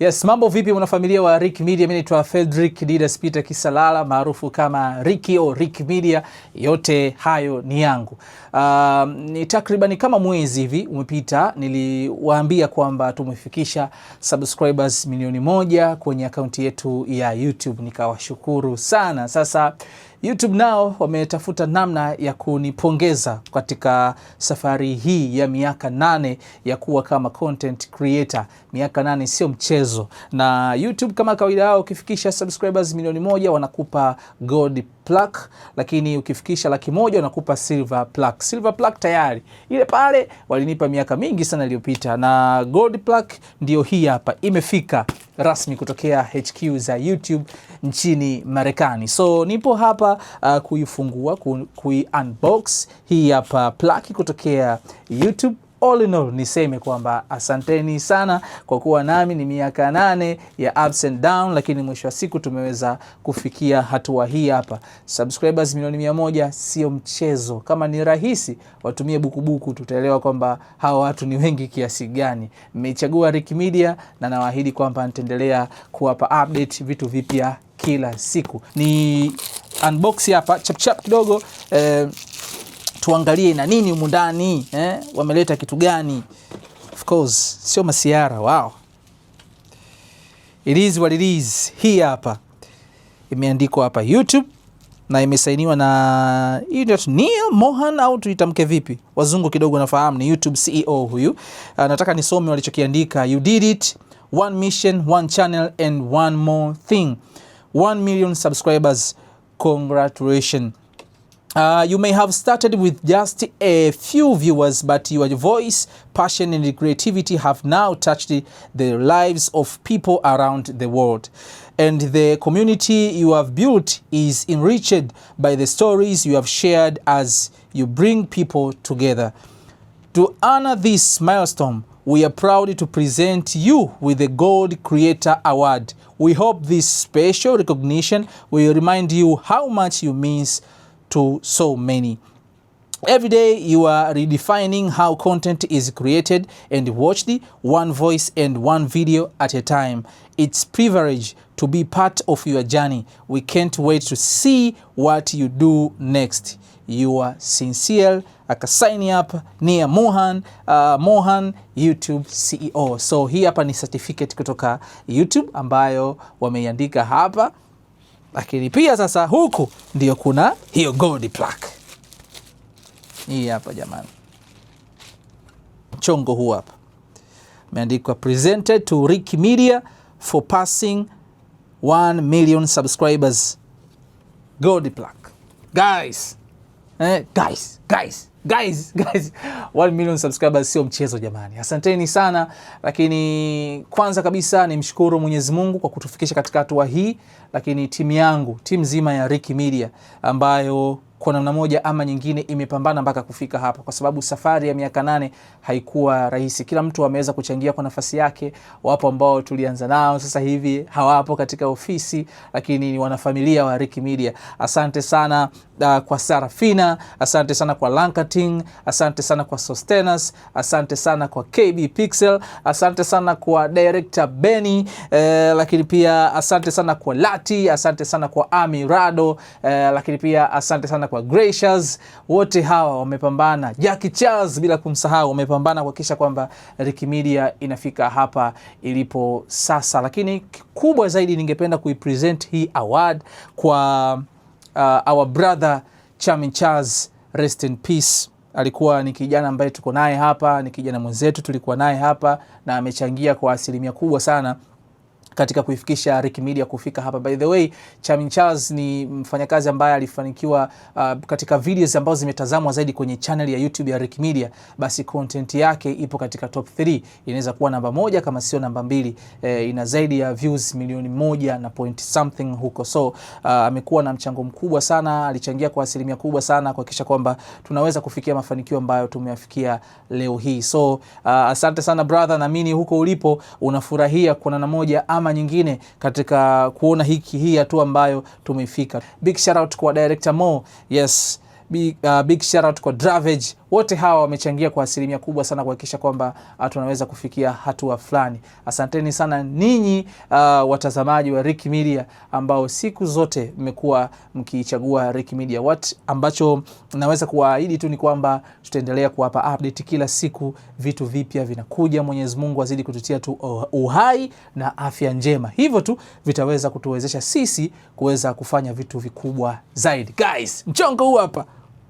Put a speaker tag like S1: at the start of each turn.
S1: Yes, mambo vipi mwanafamilia wa Rick Media? Mimi naitwa Fredrick Didas Peter Kisalala maarufu kama Ricky o Rick Media, yote hayo ni yangu. Uh, ni takriban kama mwezi hivi umepita, niliwaambia kwamba tumefikisha subscribers milioni moja kwenye akaunti yetu ya YouTube, nikawashukuru sana. Sasa YouTube nao wametafuta namna ya kunipongeza katika safari hii ya miaka nane ya kuwa kama content creator. Miaka nane sio mchezo, na YouTube kama kawaida yao, ukifikisha subscribers milioni moja wanakupa gold plaque, lakini ukifikisha laki moja wanakupa silver plaque. Silver plaque tayari ile pale walinipa miaka mingi sana iliyopita, na gold plaque ndio hii hapa imefika rasmi kutokea HQ za YouTube nchini Marekani. So nipo hapa uh, kuifungua, kuiunbox hii hapa plaki kutokea YouTube all in all niseme kwamba asanteni sana kwa kuwa nami. Ni miaka nane ya ups and down, lakini mwisho wa siku tumeweza kufikia hatua hii hapa. Subscribers milioni mia moja sio mchezo. Kama ni rahisi watumie bukubuku, tutaelewa kwamba hawa watu ni wengi kiasi gani. Mmeichagua Rick Media na nawaahidi kwamba nitaendelea kuwapa update vitu vipya kila siku. Ni unbox hapa chap kidogo eh, tuangalie na nini humu ndani eh? Wameleta kitu gani? Of course sio masiara wao, it is what it is. Hii hapa imeandikwa hapa YouTube na imesainiwa na idiot Neil Mohan au tuitamke vipi? Wazungu kidogo nafahamu ni YouTube CEO huyu. Uh, Nataka nisome walichokiandika. You did it. One mission, one channel and one more thing. 1 million subscribers. Congratulations. Uh, you may have started with just a few viewers, but your voice, passion, and creativity have now touched the lives of people around the world. And the community you have built is enriched by the stories you have shared as you bring people together. To honor this milestone, we are proud to present you with the Gold Creator Award. We hope this special recognition will remind you how much you means to so many. Every day you are redefining how content is created and watched, one voice and one video at a time. It's privilege to be part of your journey. We can't wait to see what you do next. You are sincere sign up near Mohan, uh, Mohan YouTube CEO. So hii hapa ni certificate kutoka YouTube ambayo wameiandika hapa lakini pia sasa huku ndio kuna hiyo gold plaque hii hapa jamani, mchongo huu hapa imeandikwa presented to Rick Media for passing 1 million subscribers gold plaque guys. Eh, guys, guys Guys, guys, 1 million subscribers sio mchezo jamani. Asanteni sana, lakini kwanza kabisa mshukuru Mwenyezi Mungu kwa kutufikisha katika hatua hii, lakini timu yangu, timu nzima ya Rick Media ambayo kwa namna moja ama nyingine imepambana mpaka kufika hapa, kwa sababu safari ya miaka nane haikuwa rahisi. Kila mtu ameweza kuchangia kwa nafasi yake. Wapo ambao tulianza nao sasa hivi hawapo katika ofisi, lakini ni wanafamilia wa Rick Media. Asante sana uh, kwa Sarafina, asante sana kwa Lankating, asante sana kwa Sostenas, asante sana kwa KB Pixel, asante sana kwa director Benny eh, lakini pia asante sana kwa Lati, asante sana kwa Amirado eh, lakini pia asante sana kwa kwa Gracious, wote hawa wamepambana. Jackie Charles bila kumsahau, wamepambana kuhakikisha kwamba Rick Media inafika hapa ilipo sasa, lakini kikubwa zaidi ningependa kuipresent hii award kwa uh, our brother Chamin Charles, rest in peace. Alikuwa ni kijana ambaye tuko naye hapa, ni kijana mwenzetu tulikuwa naye hapa na amechangia kwa asilimia kubwa sana katika kuifikisha Rick Media kufika hapa. By the way, Chamin Charles ni mfanyakazi ambaye alifanikiwa uh, katika videos ambazo zimetazamwa zaidi kwenye channel ya YouTube ya Rick Media, basi content yake ipo katika top 3, inaweza kuwa namba moja kama sio namba mbili. Eh, ina zaidi ya views milioni moja na point something huko, so uh, amekuwa na mchango mkubwa sana, alichangia kwa asilimia kubwa sana kuhakikisha kwamba tunaweza kufikia mafanikio ambayo tumeyafikia leo hii. So uh, asante sana brother, naamini huko ulipo unafurahia kuna kuonana moja ama ama nyingine katika kuona hiki hii hatua ambayo tumefika Big shout out kwa director Mo. Yes, big, uh, big shout out kwa Dravage wote hawa wamechangia kwa asilimia kubwa sana kuhakikisha kwamba ah, tunaweza kufikia hatua fulani. Asanteni sana ninyi uh, watazamaji wa Rick Media ambao siku zote mmekuwa mkichagua Rick Media. What ambacho naweza kuwaahidi tu ni kwamba tutaendelea kuwapa update kila siku, vitu vipya vinakuja. Mwenyezi Mungu azidi kututia tu uh, uhai na afya njema, hivyo tu vitaweza kutuwezesha sisi kuweza kufanya vitu vikubwa zaidi. Guys, mchongo huu hapa.